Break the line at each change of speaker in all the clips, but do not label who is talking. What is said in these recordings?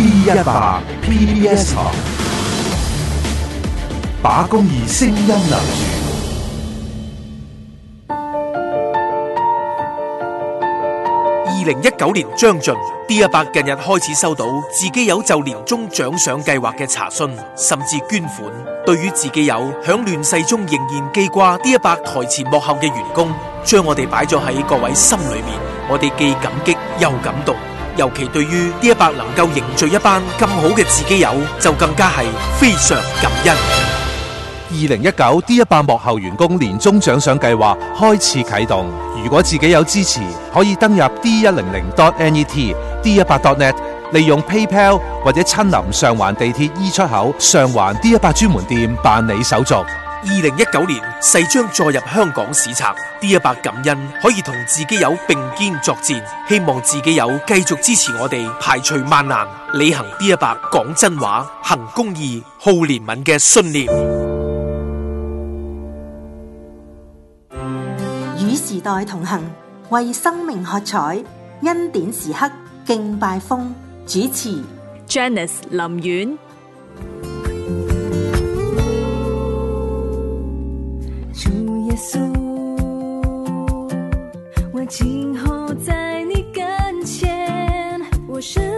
D 一百 PBS 台，把公益聲音留二零一九年將近，D 一百近日開始收到自己有就年終獎賞計劃嘅查詢，甚至捐款。對於自己有響亂世中仍然記掛 D 一百台前幕後嘅員工，將我哋擺咗喺各位心裏面，我哋既感激又感動。尤其對於 D 一零零能夠凝聚一班咁好嘅自己友，就更加係非常感恩。二零一九 D 一零零幕後員工年終獎賞計劃開始啟動，如果自己有支持，可以登入 D 一零零 .net、D 一零零 .net，利用 PayPal 或者親臨上環地鐵 E 出口上環 D 一零零專門店辦理手續。二零一九年誓將再入香港史冊，D 一百感恩可以同自己有並肩作戰，希望自己有繼續支持我哋排除萬難，履行 D 一百講真話、行公義、好憐憫嘅信念，
與時代同行，為生命喝彩。恩典時刻敬拜風主持 Janice 林苑。
我今後在你跟前，我是。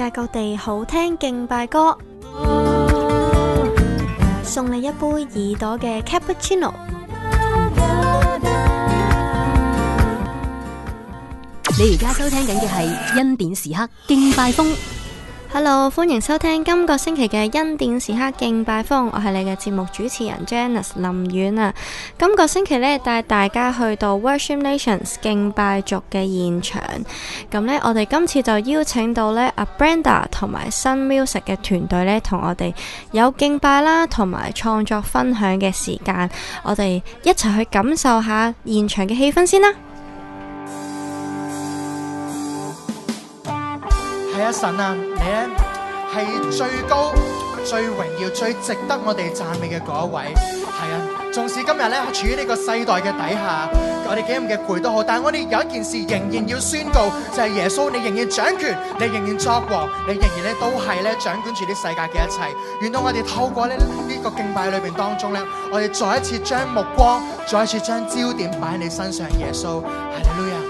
世界各地好聽敬拜歌，送你一杯耳朵嘅 cappuccino。你而家收聽緊嘅係恩典時刻敬拜風。Hello，歡迎收聽今個星期嘅恩典時刻敬拜風，我係你嘅節目主持人 Janice 林苑。啊。今個星期呢，帶大家去到 Worship Nations 敬拜族嘅現場，咁呢，我哋今次就邀請到呢，阿 Brenda 同埋新 music 嘅團隊呢，同我哋有敬拜啦，同埋創作分享嘅時間，我哋一齊去感受下現場嘅氣氛先啦。
一神啊，你咧係最高、最榮耀、最值得我哋讚美嘅嗰一位，係啊！縱使今日咧，我處於呢個世代嘅底下，我哋幾咁嘅攰都好，但係我哋有一件事仍然要宣告，就係耶穌，你仍然掌權，你仍然作王，你仍然咧都係咧掌管住啲世界嘅一切。願我哋透過咧呢個敬拜裏邊當中咧，我哋再一次將目光，再一次將焦點擺喺你身上，耶穌，哈利路亞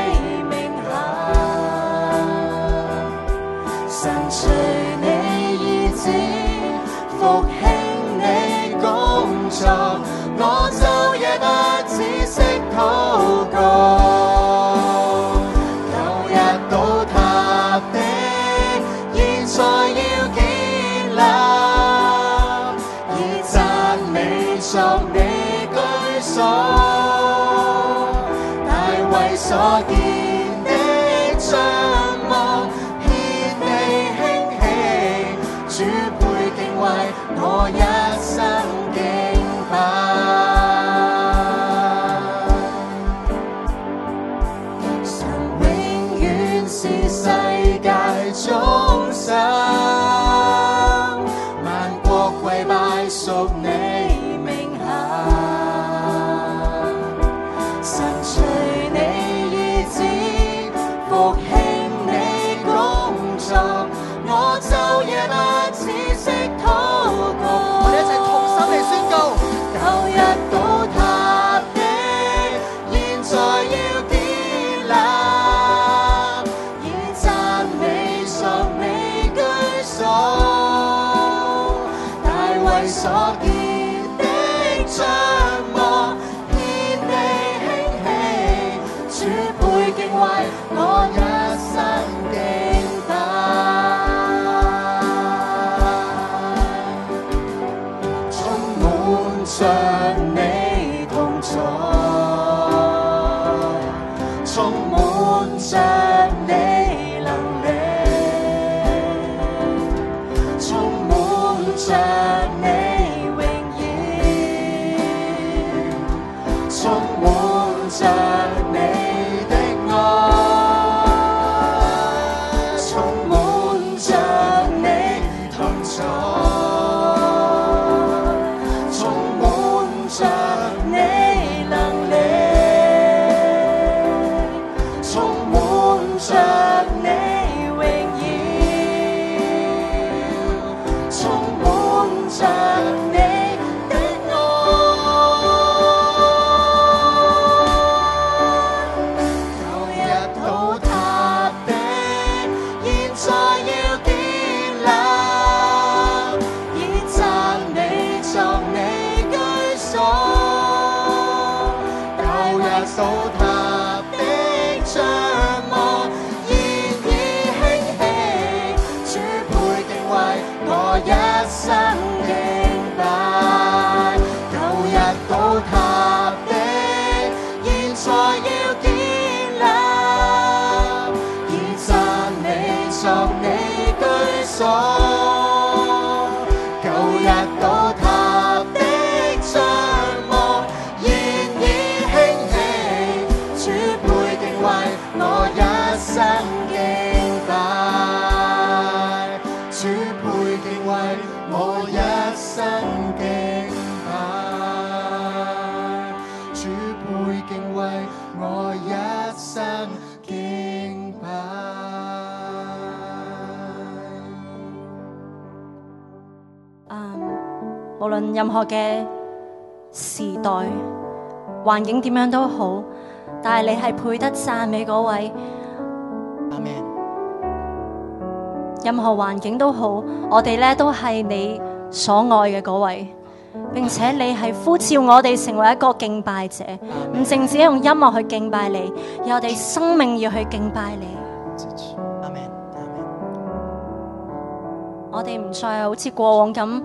任何嘅時代環境點樣都好，但係你係配得讚美嗰位。
阿門。
任何環境都好，我哋咧都係你所愛嘅嗰位，並且你係呼召我哋成為一個敬拜者，唔淨 Amen. 止用音樂去敬拜你，而我哋生命要去敬拜你。阿 Amen. Amen. 我哋唔再好似過往咁。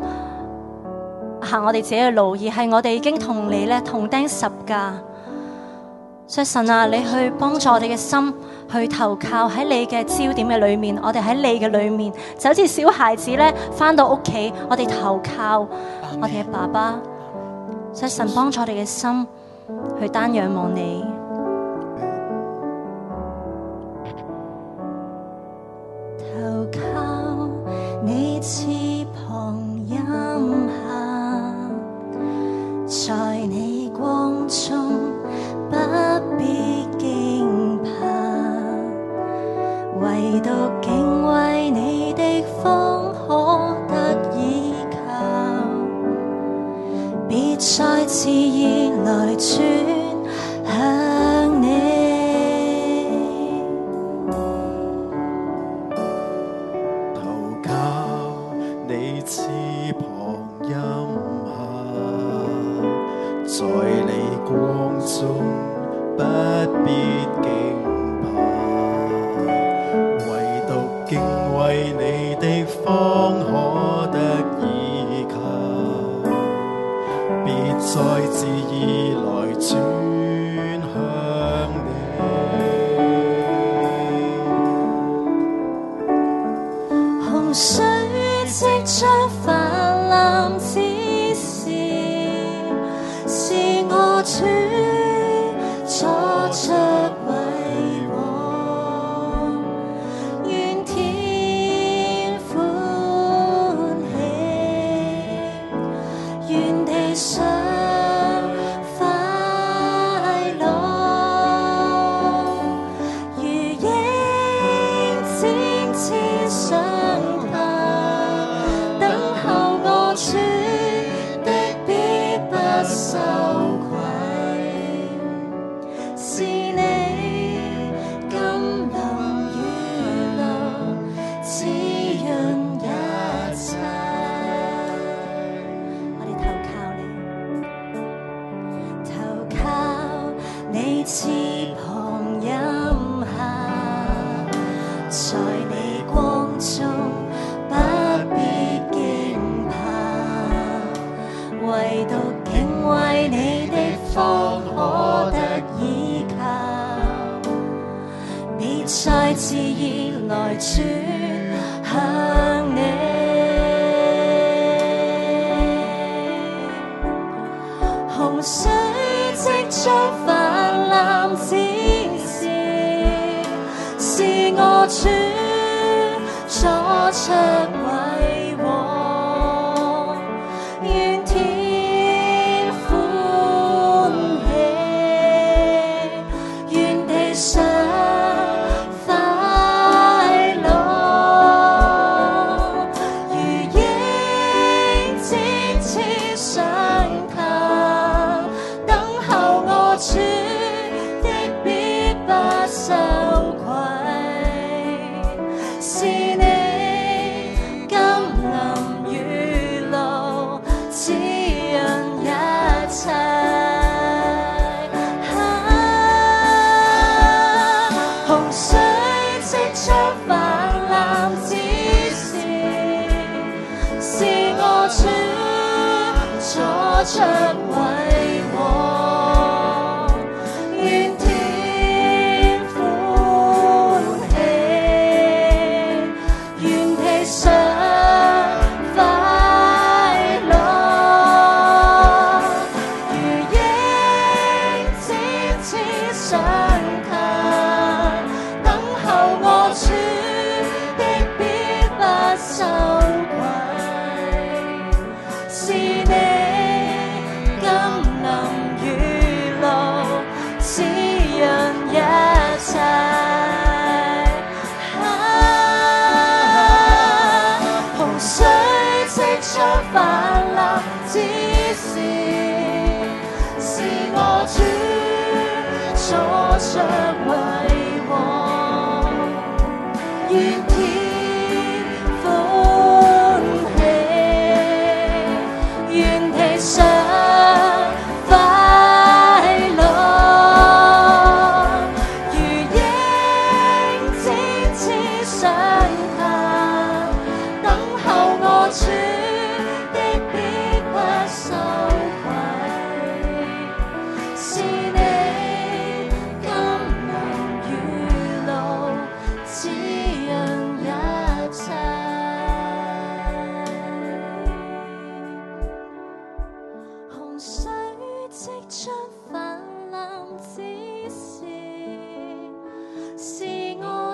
行我哋自己嘅路，而係我哋已經同你咧同釘十架，所以神啊，你去幫助我哋嘅心去投靠喺你嘅焦點嘅裏面，我哋喺你嘅裏面，就好似小孩子咧翻到屋企，我哋投靠我哋嘅爸爸，所以神幫助我哋嘅心去單仰望你，
投靠你。在你光中，不變。我哋投靠你，投靠你。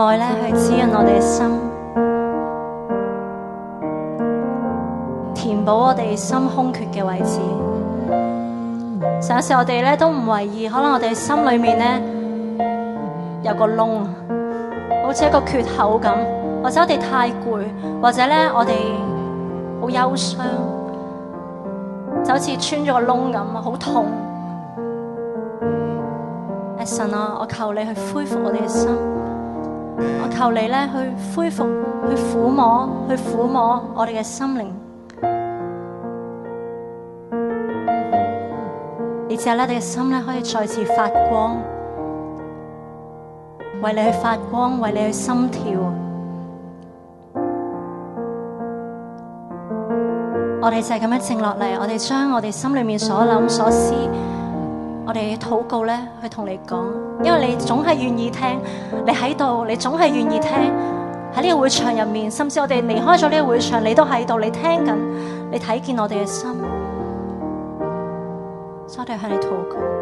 愛咧去滋潤我哋嘅心，填補我哋心空缺嘅位置。上一次我哋咧都唔為意，可能我哋心裏面咧有個窿，好似一個缺口咁，或者我哋太攰，或者咧我哋好憂傷，就好似穿咗個窿咁，好痛。阿神啊，我求你去恢復我哋嘅心。我求你咧，去恢復，去撫摸，去撫摸我哋嘅心靈，你之後咧，我哋嘅心咧可以再次發光，為你去發光，為你去心跳。我哋就係咁樣靜落嚟，我哋將我哋心裏面所諗所思。我哋禱告咧，去同你講，因為你總係願意聽，你喺度，你總係願意聽，喺呢個會場入面，甚至我哋離開咗呢個會場，你都喺度，你聽緊，你睇見我哋嘅心，所以我哋向你禱告。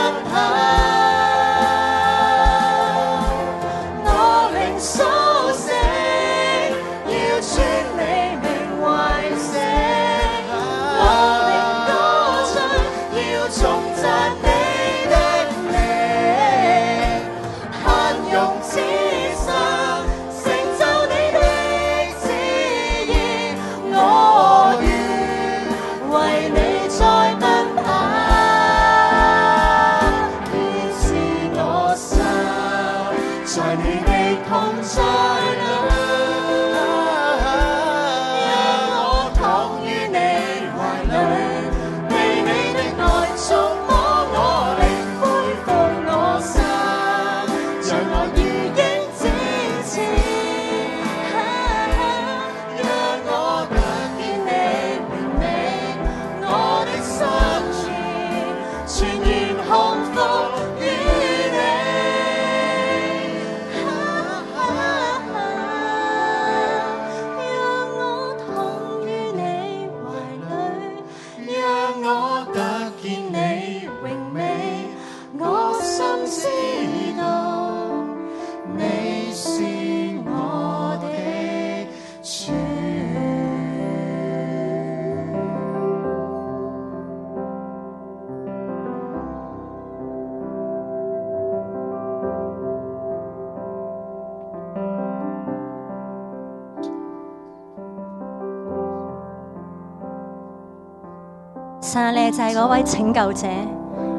神啊，你就係嗰位拯救者，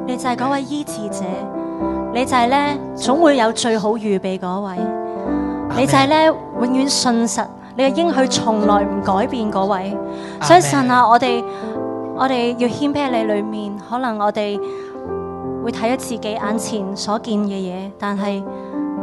你就係嗰位醫治者，你就係咧總會有最好預備嗰位 Amen. 你呢，你就係咧永遠信實，你嘅應許從來唔改變嗰位。Amen. 所以神啊，我哋我哋要謙卑喺你裏面，可能我哋會睇咗自己眼前所見嘅嘢，但係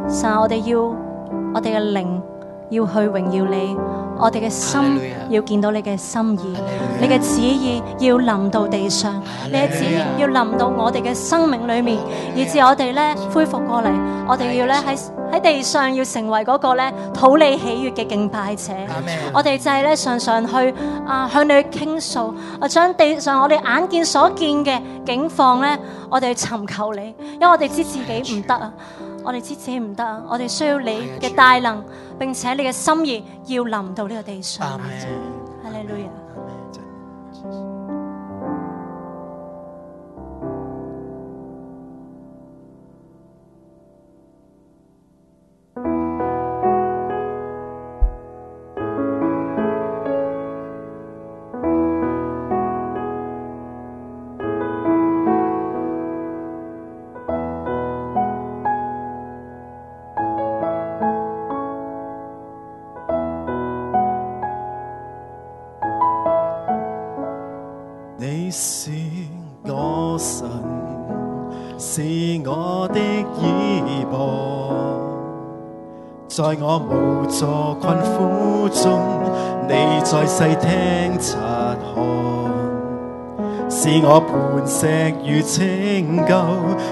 神啊，我哋要我哋嘅靈要去榮耀你。我哋嘅心 Hallelujah. 要見到你嘅心意，Hallelujah. 你嘅旨意要臨到地上，Hallelujah. 你嘅旨意要臨到我哋嘅生命裏面，Hallelujah. 以至我哋咧恢復過嚟。Hallelujah. 我哋要咧喺喺地上要成為嗰個咧討你喜悅嘅敬拜者。Hallelujah. 我哋就係咧常常去啊，向你去傾訴，我將地上我哋眼見所見嘅境況咧，我哋尋求你，因為我哋知自己唔得啊。我哋知自己唔得，我哋需要你嘅大能，並且你嘅心意要臨到呢個地上。阿們。
你是我神，是我的倚傍，在我無助困苦中，你在細聽察看，是我磐石如拯救，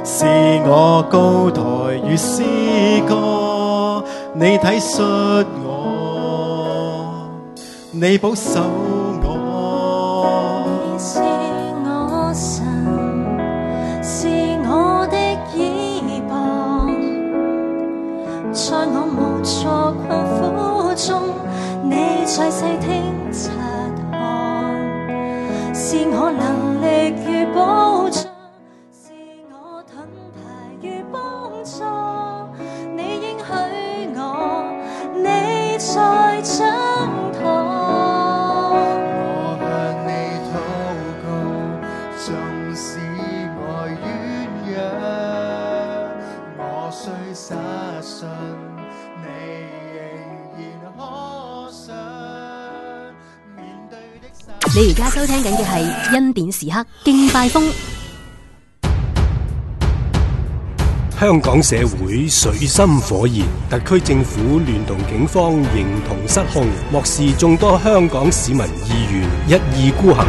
是我高台如詩歌，你體恤我，你保守。
時刻勁敗風，
香港社會水深火熱，特區政府聯同警方形同失控，漠視眾多香港市民意願，一意孤行，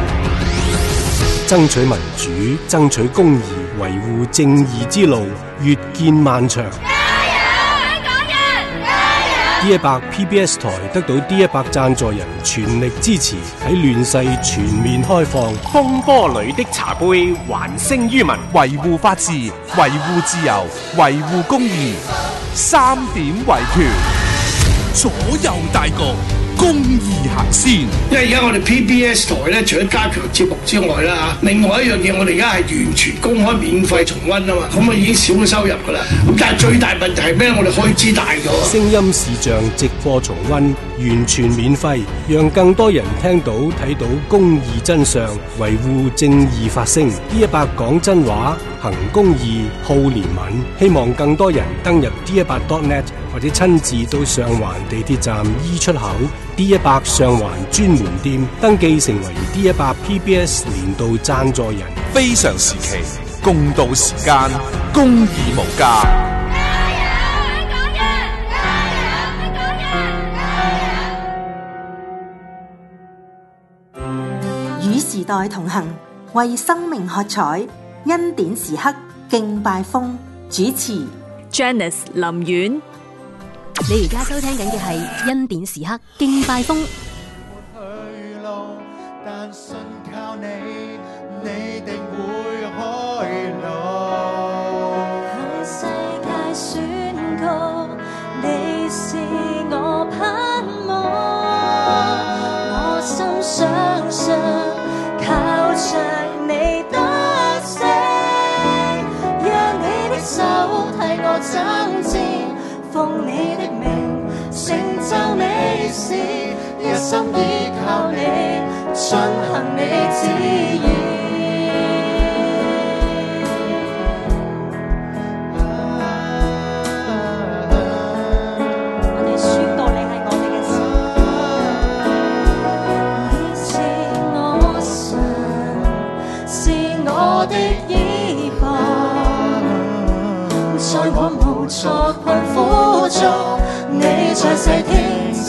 爭取民主、爭取公義、維護正義之路越見漫長。D 100 PBS 台得到 D 100贊助人全力支持，喺亂世全面開放。風波裏的茶杯，還聲於民，維護法治，維護自由，維護公義，三點維權，左右大局。公義行先，因為而家我哋 PBS 台咧，除咗加強節目之外啦，另外一樣嘢，我哋而家係完全公開免費重溫啊嘛，咁啊已經少咗收入噶啦。咁但係最大問題係咩？我哋開支大咗。聲音視像直播重溫，完全免費，讓更多人聽到睇到公義真相，維護正義發聲。D 一百講真話，行公義，好憐憫，希望更多人登入 D 一百 dot net。或者親自到上環地鐵站 E 出口 D 一百上環專門店登記成為 D 一百 PBS 年度贊助人，非常時期共度時間，公義無價。加油！加油！加油！加
油！與時代同行，為生命喝彩，恩典時刻敬拜風，主持 Janice 林苑。你而家收聽緊嘅係《恩典時刻敬拜風》。
一生依靠你遵行你旨意， 我哋宣告你係我哋嘅神，事 你是我神，是我的依傍，在、啊、我無助困苦中，你在世天。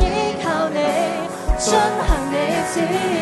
依靠你，遵行你旨。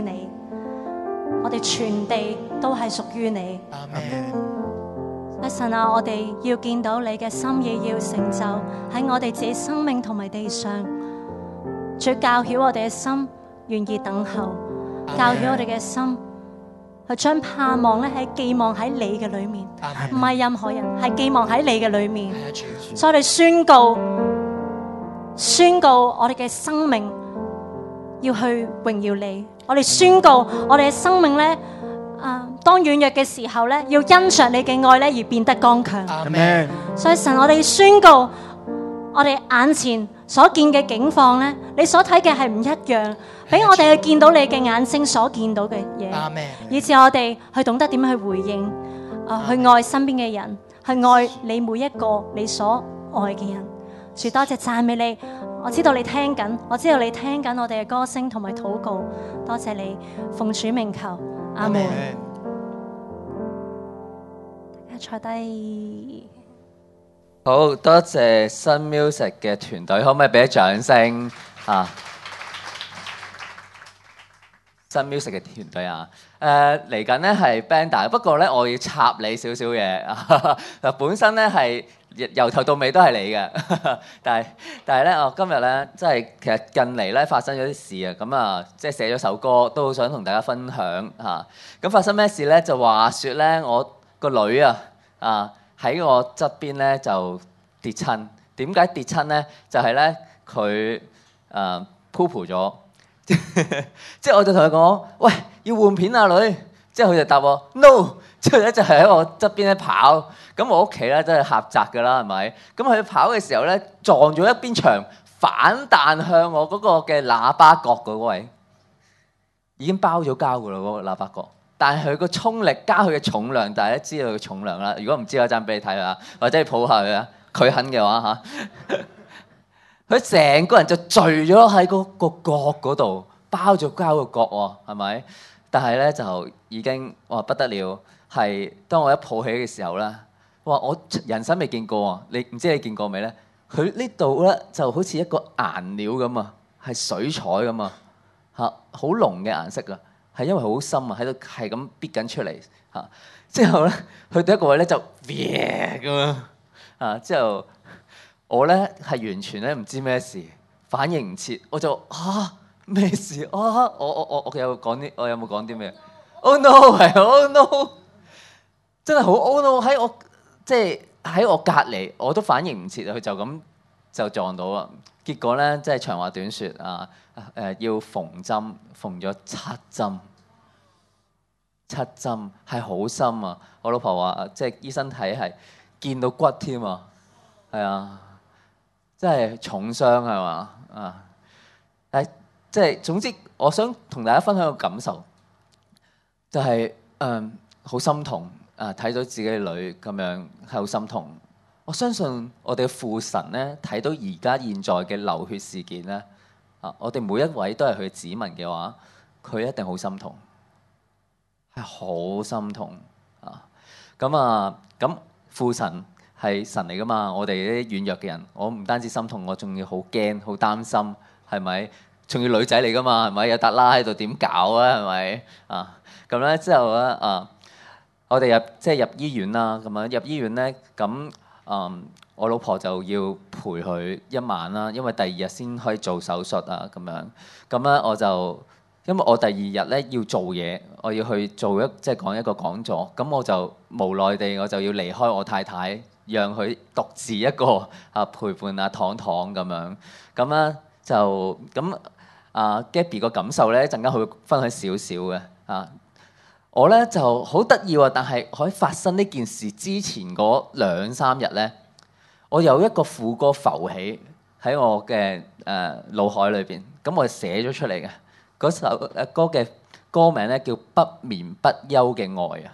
你，我哋全地都係屬於你。阿 Amen. 神啊，我哋要見到你嘅心意，要成就喺我哋自己生命同埋地上。主教曉我哋嘅心願意等候，Amen. 教曉我哋嘅心去將盼望咧，係寄望喺你嘅裏面。唔係 Amen. 任何人，係寄望喺你嘅裏面。Amen. 所以我哋宣告，宣告我哋嘅生命。要去榮耀你，我哋宣告，我哋嘅生命咧，啊，當軟弱嘅時候咧，要因著你嘅愛咧，而變得剛強。阿們，所以神，我哋宣告，我哋眼前所見嘅境況咧，你所睇嘅係唔一樣，俾我哋去見到你嘅眼睛所見到嘅嘢。阿們，以至我哋去懂得點樣去回應，啊，去愛身邊嘅人，去愛你每一個你所愛嘅人。主，多謝讚美你。我知道你聽緊，我知道你聽緊我哋嘅歌聲同埋禱告。多謝你奉主名求，阿門
Amen。大家坐低。好多謝新 Music 嘅團隊，可唔可以俾啲掌聲啊？新 Music 嘅團隊啊，誒嚟緊呢係 Banda，不過呢，我要插你少少嘢。嗱， 本身呢係。由頭到尾都係你嘅， 但係但係咧，我、哦、今日咧，即係其實近嚟咧發生咗啲事啊，咁、嗯、啊，即係寫咗首歌，都好想同大家分享吓。咁、啊、發生咩事咧？就話説咧，我個女啊，啊喺我側邊咧就跌親。點解跌親咧？就係咧佢誒 poop 咗，呃、泡泡 即係我就同佢講：喂，要換片啊，女。即係佢就答我：No。之就係喺我側邊咧跑，咁我屋企咧真係狹窄噶啦，係咪？咁佢跑嘅時候咧撞咗一邊牆，反彈向我嗰個嘅喇叭角嗰位，已經包咗膠噶啦嗰個喇叭角。但係佢個衝力加佢嘅重量，大家知道佢嘅重量啦。如果唔知，我陣俾你睇下，或者抱下佢啊，佢肯嘅話嚇，佢成個人就聚咗喺嗰個角嗰度，包咗膠個角喎，係咪？但係咧就已經哇不得了。係，當我一抱起嘅時候咧，我話我人生未見過啊！你唔知你見過未咧？佢呢度咧就好似一個顏料咁啊，係水彩咁啊嚇，好濃嘅顏色啊，係因為好深啊，喺度係咁逼緊出嚟嚇。之後咧，佢第一個位咧就咩咁啊？之後，呢、呃啊、之後我咧係完全咧唔知咩事，反應唔切，我就啊，咩事啊？我我我我有講啲，我有冇講啲咩？Oh no！Oh no！Oh no, oh no. 真係好懊惱喺我，即係喺我隔籬，就是，我都反應唔切啊！佢就咁就撞到啦。結果咧，即係長話短說啊，誒、呃、要縫針，縫咗七針，七針係好深啊！我老婆話，啊，即係醫生睇係見到骨添啊，係啊，真係重傷係嘛啊！誒，即係總之，我想同大家分享個感受，就係誒好心痛。啊！睇到自己女咁樣，係好心痛。我相信我哋父神咧，睇到而家現在嘅流血事件咧，啊！我哋每一位都係佢嘅子民嘅話，佢一定好心痛，係好心痛啊！咁啊，咁父神係神嚟㗎嘛？我哋啲軟弱嘅人，我唔單止心痛，我仲要好驚、好擔心，係咪？仲要女仔嚟㗎嘛？係咪？有達拉喺度點搞啊？係咪？啊！咁咧之後咧啊！我哋入即係、就是、入醫院啦，咁樣入醫院咧，咁啊、嗯，我老婆就要陪佢一晚啦，因為第二日先可以做手術啊，咁樣咁咧，我就因為我第二日咧要做嘢，我要去做一即係講一個講座，咁我就無奈地我就要離開我太太，讓佢獨自一個啊陪伴阿、啊、糖糖咁樣，咁咧、啊、就咁啊 Gabby 個感受咧一陣間佢會分享少少嘅啊。我咧就好得意喎，但係喺發生呢件事之前嗰兩三日咧，我有一個副歌浮起喺我嘅誒、呃、腦海裏邊，咁、嗯、我寫咗出嚟嘅嗰首、呃、歌嘅歌名咧叫《不眠不休嘅愛》啊。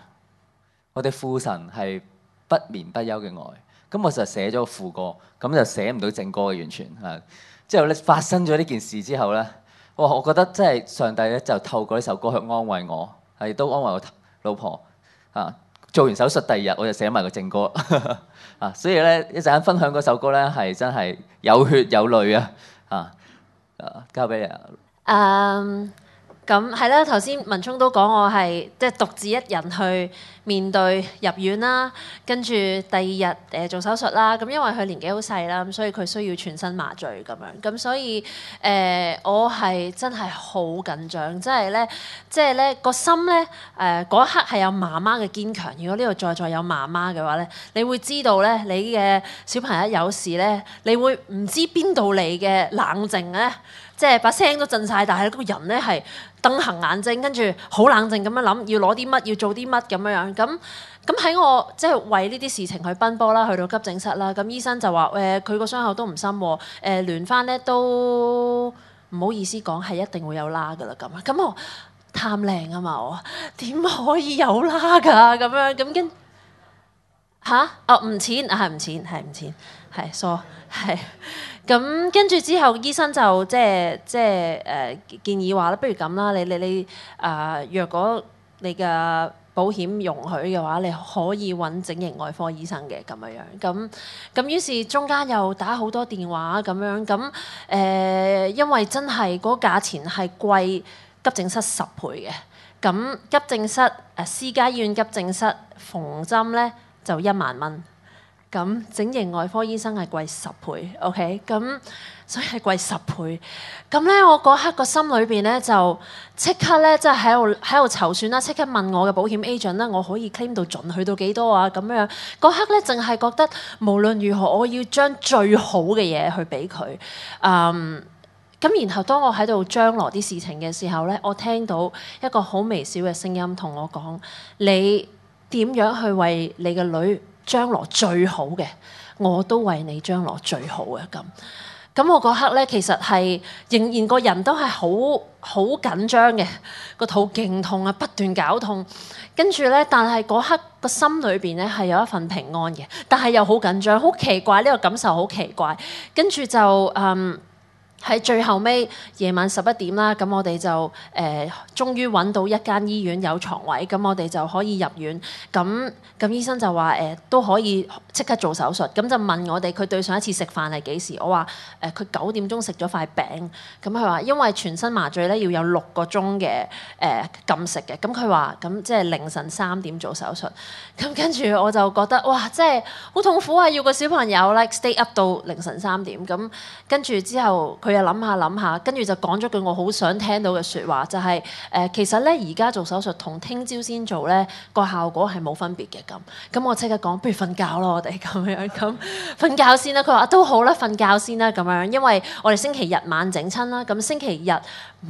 我哋父神係不眠不休嘅愛，咁、嗯、我就寫咗副歌，咁就寫唔到正歌嘅完全嚇、嗯。之後咧發生咗呢件事之後咧，哇！我覺得真係上帝咧就透過呢首歌去安慰我。亦都安慰我老婆啊！做完手術第二日，我就寫埋個正歌呵呵啊！所以咧一陣間分享嗰首歌咧，係真係有血有淚啊！啊交俾你啊！嗯、um，
咁係啦，頭先文聰都講我係即係獨自一人去，面對入院啦，跟住第二日誒、呃、做手術啦。咁、嗯、因為佢年紀好細啦，咁所以佢需要全身麻醉咁樣。咁、嗯、所以誒、呃，我係真係好緊張，即係咧，即係咧個心咧誒嗰一刻係有媽媽嘅堅強。如果呢度再再有媽媽嘅話咧，你會知道咧你嘅小朋友一有事咧，你會唔知邊度嚟嘅冷靜咧、呃，即係把聲都震晒，但係嗰個人咧係瞪行眼睛，跟住好冷靜咁樣諗要攞啲乜，要做啲乜咁樣樣。咁咁喺我即係、就是、為呢啲事情去奔波啦，去到急症室啦，咁醫生就話誒佢個傷口都唔深，誒聯翻咧都唔好意思講係一定會有疤㗎喇，咁咁我貪靚啊嘛，我點可以有疤㗎、啊？咁樣咁跟吓？哦唔淺啊，係唔淺，係、啊、唔淺，係疏係。咁跟住之後，醫生就即係即係誒建議話咧，不如咁啦，你你你啊、呃，若果你嘅。保險容許嘅話，你可以揾整形外科醫生嘅咁樣，咁咁於是中間又打好多電話咁樣，咁誒、呃、因為真係嗰、嗰個價錢係貴急症室十倍嘅，咁急症室誒私家醫院急症室縫針呢就一萬蚊。咁整形外科醫生係貴十倍，OK？咁所以係貴十倍。咁、okay? 咧，我嗰刻個心裏邊咧就即刻咧，即係喺度喺度籌算啦。即刻問我嘅保險 agent 啦，我可以 claim 到盡去到幾多啊？咁樣嗰刻咧，淨係覺得無論如何，我要將最好嘅嘢去俾佢。嗯，咁然後當我喺度將來啲事情嘅時候咧，我聽到一個好微小嘅聲音同我講：你點樣去為你嘅女？將來最好嘅，我都為你將來最好嘅咁。咁我嗰刻呢，其實係仍然個人都係好好緊張嘅，個肚勁痛啊，不斷絞痛。跟住呢，但係嗰刻個心裏邊呢，係有一份平安嘅，但係又好緊張，好奇怪呢個感受，好奇怪。跟住就嗯。喺最後尾夜晚十一點啦，咁我哋就誒終於揾到一間醫院有床位，咁我哋就可以入院。咁咁醫生就話誒、呃、都可以即刻做手術，咁就問我哋佢對上一次食飯係幾時？我話誒佢九點鐘食咗塊餅。咁佢話因為全身麻醉咧要有六個鐘嘅誒禁食嘅，咁佢話咁即係凌晨三點做手術。咁跟住我就覺得哇，即係好痛苦啊！要個小朋友 like stay up 到凌晨三點，咁跟住之後佢。佢又諗下諗下，跟住就講咗句我好想聽到嘅說話，就係、是、誒、呃，其實咧而家做手術同聽朝先做咧個效果係冇分別嘅，咁。咁我即刻講，不如瞓覺咯，我哋咁樣咁瞓覺先啦。佢話啊都好啦，瞓覺先啦咁樣，因為我哋星期日晚整親啦，咁星期日。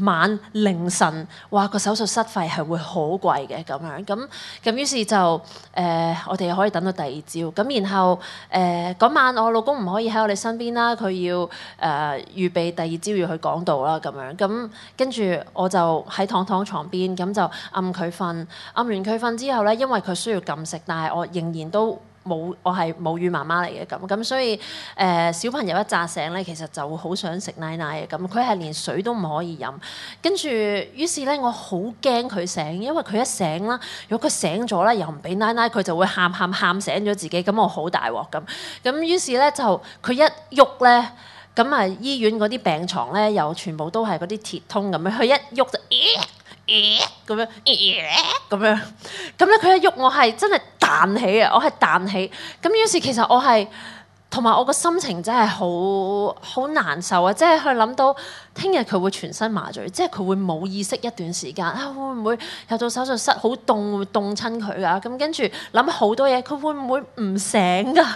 晚凌晨，哇，個手術室費係會好貴嘅咁樣，咁咁於是就誒、呃、我哋可以等到第二朝，咁然後誒嗰、呃、晚我老公唔可以喺我哋身邊啦，佢要誒預、呃、備第二朝要去講道啦咁樣，咁跟住我就喺躺躺床邊，咁就暗佢瞓，暗完佢瞓之後咧，因為佢需要禁食，但係我仍然都。冇，我係母乳媽媽嚟嘅咁，咁所以誒、呃、小朋友一扎醒咧，其實就會好想食奶奶嘅咁，佢係連水都唔可以飲，跟住於是咧我好驚佢醒，因為佢一醒啦，如果佢醒咗啦，又唔俾奶奶，佢就會喊喊喊醒咗自己，咁我好大鑊咁，咁於是咧就佢一喐咧，咁啊醫院嗰啲病床咧又全部都係嗰啲鐵通咁樣，佢一喐就，呃咁樣，咁樣，咁咧，佢一喐，我係真係彈起啊！我係彈起，咁於是其實我係。同埋我個心情真係好好難受啊！即係去諗到聽日佢會全身麻醉，即係佢會冇意識一段時間啊！會唔會入到手術室好凍，會凍親佢啊？咁跟住諗好多嘢，佢會唔會唔醒㗎？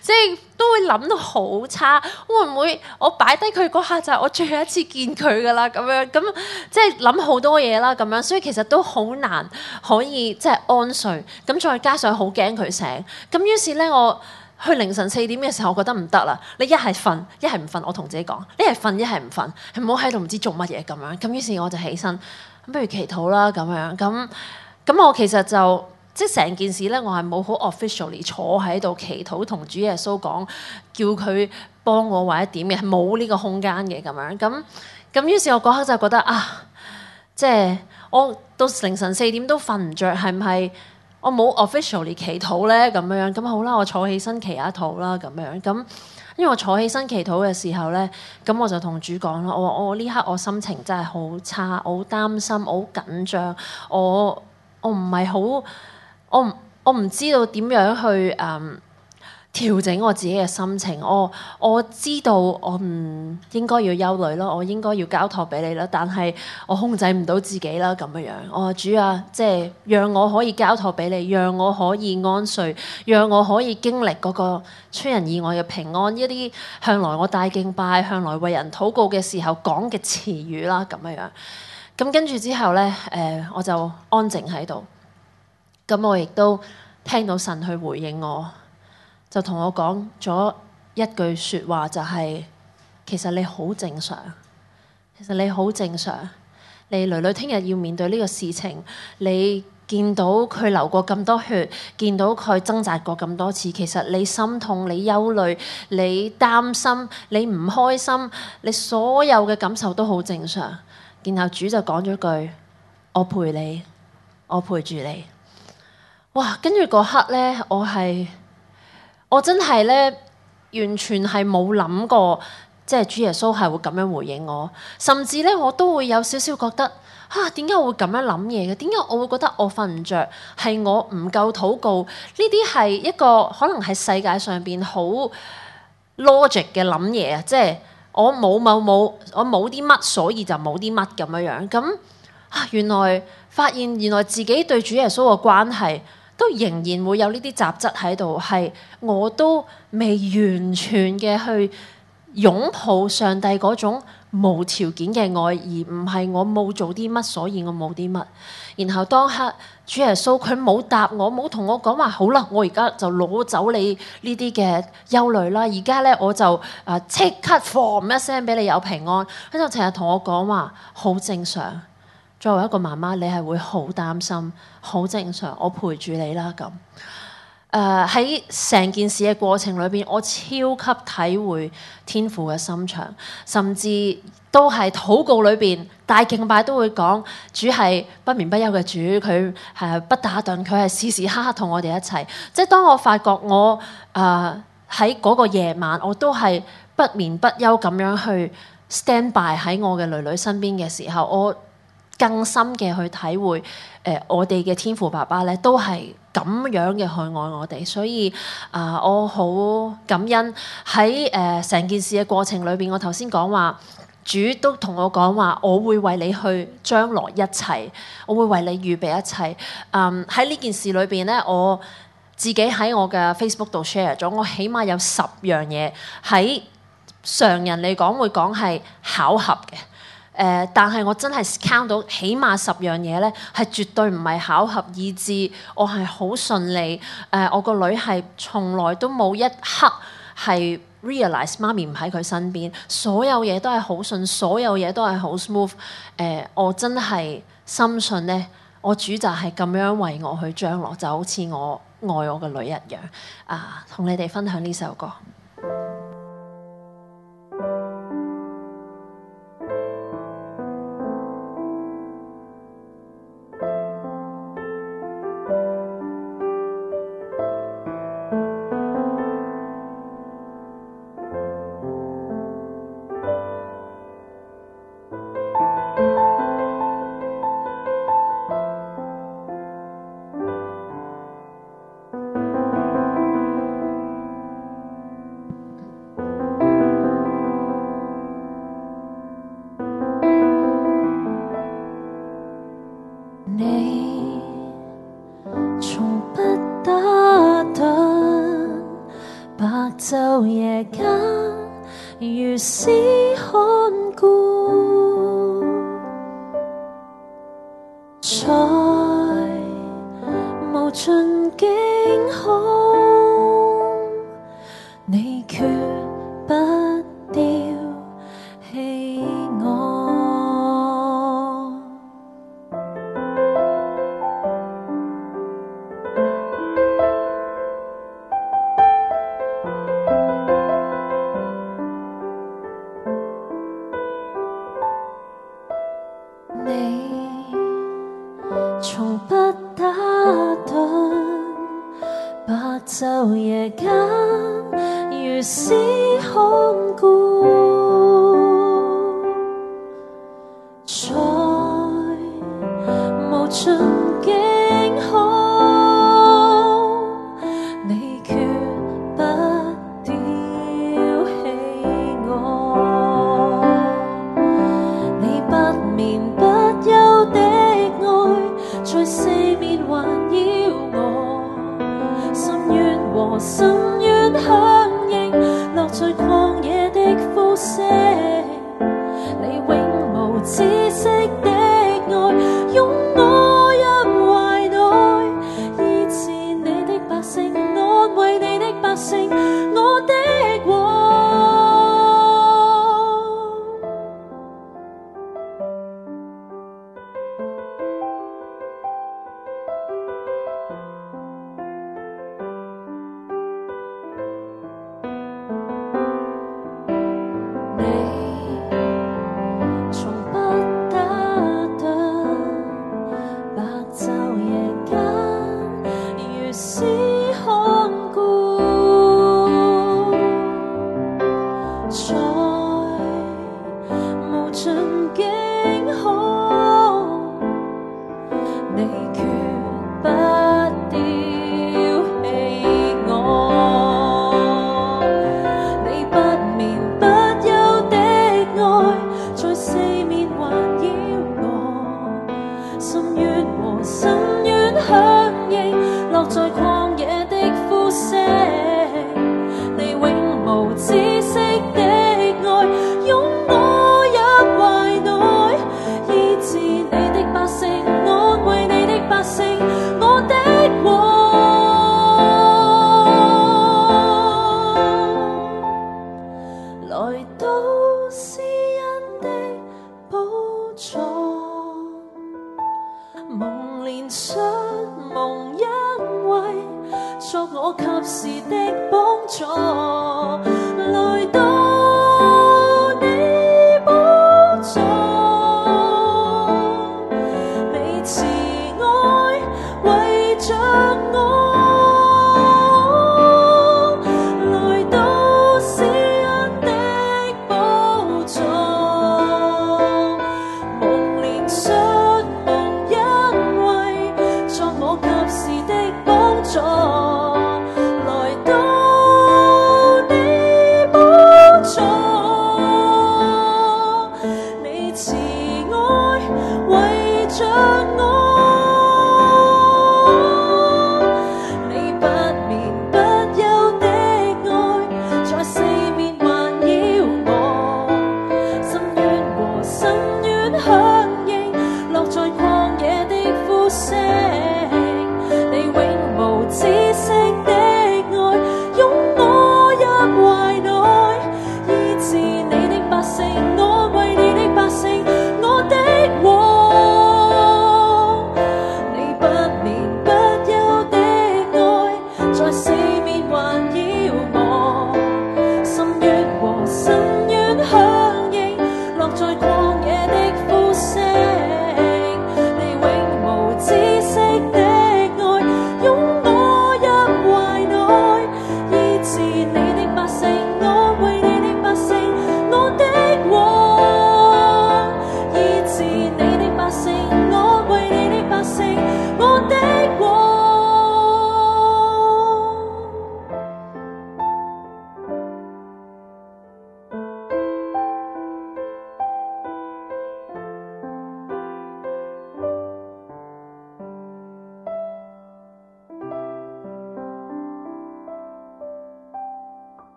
即係都會諗到好差，會唔會我擺低佢嗰下就係我最後一次見佢㗎喇？咁樣咁即係諗好多嘢啦，咁樣所以其實都好難可以即係安睡。咁再加上好驚佢醒，咁於是咧我。去凌晨四點嘅時候，我覺得唔得啦。你一係瞓，一係唔瞓。我同自己講，你一係瞓，一係唔瞓，係唔好喺度唔知做乜嘢咁樣。咁於是我就起身，咁不如祈禱啦咁樣。咁咁我其實就即係成件事咧，我係冇好 officially 坐喺度祈禱同主耶穌講，叫佢幫我或者點嘅，係冇呢個空間嘅咁樣。咁咁於是我嗰刻就覺得啊，即係我到凌晨四點都瞓唔着，係唔係？我冇 officially 祈禱咧，咁樣咁好啦，我坐起身祈下禱啦，咁樣咁，因為我坐起身祈禱嘅時候咧，咁我就同主講啦，我話我呢刻我心情真係好差，我好擔心，我好緊張，我我唔係好，我我唔知道點樣去嗯。Um, 調整我自己嘅心情，我我知道我唔應該要憂慮啦，我應該要交託俾你啦，但係我控制唔到自己啦咁樣樣，我主啊，即係讓我可以交託俾你，讓我可以安睡，讓我可以經歷嗰個出人意外嘅平安，一啲向來我大敬拜、向來為人禱告嘅時候講嘅詞語啦咁樣樣。咁跟住之後呢，誒、呃、我就安靜喺度，咁我亦都聽到神去回應我。就同我講咗一句說話，就是，就係其實你好正常，其實你好正常。你女女聽日要面對呢個事情，你見到佢流過咁多血，見到佢掙扎過咁多次，其實你心痛，你憂慮，你擔心，你唔開心，你所有嘅感受都好正常。然後主就講咗句：我陪你，我陪住你。哇！跟住嗰刻呢，我係。我真係咧，完全係冇諗過，即係主耶穌係會咁樣回應我，甚至咧我都會有少少覺得，啊點解會咁樣諗嘢嘅？點解我會覺得我瞓唔着，係我唔夠禱告？呢啲係一個可能係世界上邊好 logic 嘅諗嘢啊！即係我冇冇冇，我冇啲乜，所以就冇啲乜咁樣樣。咁啊，原來發現原來自己對主耶穌嘅關係。都仍然會有呢啲雜質喺度，係我都未完全嘅去擁抱上帝嗰種無條件嘅愛，而唔係我冇做啲乜，所以我冇啲乜。然後當刻主耶穌佢冇答我，冇同我講話，好啦，我而家就攞走你呢啲嘅憂慮啦。而家呢，我就啊，呃，即刻放一聲俾你有平安。佢就成日同我講話，好正常。作為一個媽媽，你係會好擔心，好正常。我陪住你啦，咁誒喺成件事嘅過程裏邊，我超級體會天父嘅心腸，甚至都係禱告裏邊大敬拜都會講主係不眠不休嘅主，佢係不打盹，佢係時時刻刻同我哋一齊。即係當我發覺我誒喺嗰個夜晚，我都係不眠不休咁樣去 stand by 喺我嘅女女身邊嘅時候，我，更深嘅去體會誒、呃、我哋嘅天父爸爸咧，都係咁樣嘅去愛我哋，所以啊、呃，我好感恩喺誒成件事嘅過程裏邊，我頭先講話主都同我講話，我會為你去將來一切，我會為你預備一切。嗯，喺呢件事裏邊咧，我自己喺我嘅 Facebook 度 share 咗，我起碼有十樣嘢喺常人嚟講會講係巧合嘅。誒、呃，但係我真係 count 到起碼十樣嘢咧，係絕對唔係巧合意志，以致我係好順利。誒、呃，我個女係從來都冇一刻係 realize 媽咪唔喺佢身邊，所有嘢都係好順，所有嘢都係好 smooth、呃。誒，我真係深信咧，我主就係咁樣為我去將來，就好似我愛我個女一樣。啊，同你哋分享呢首歌。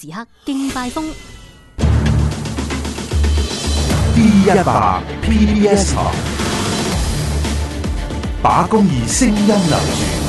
時刻敬拜風
，D100 P S 把公義聲音留住。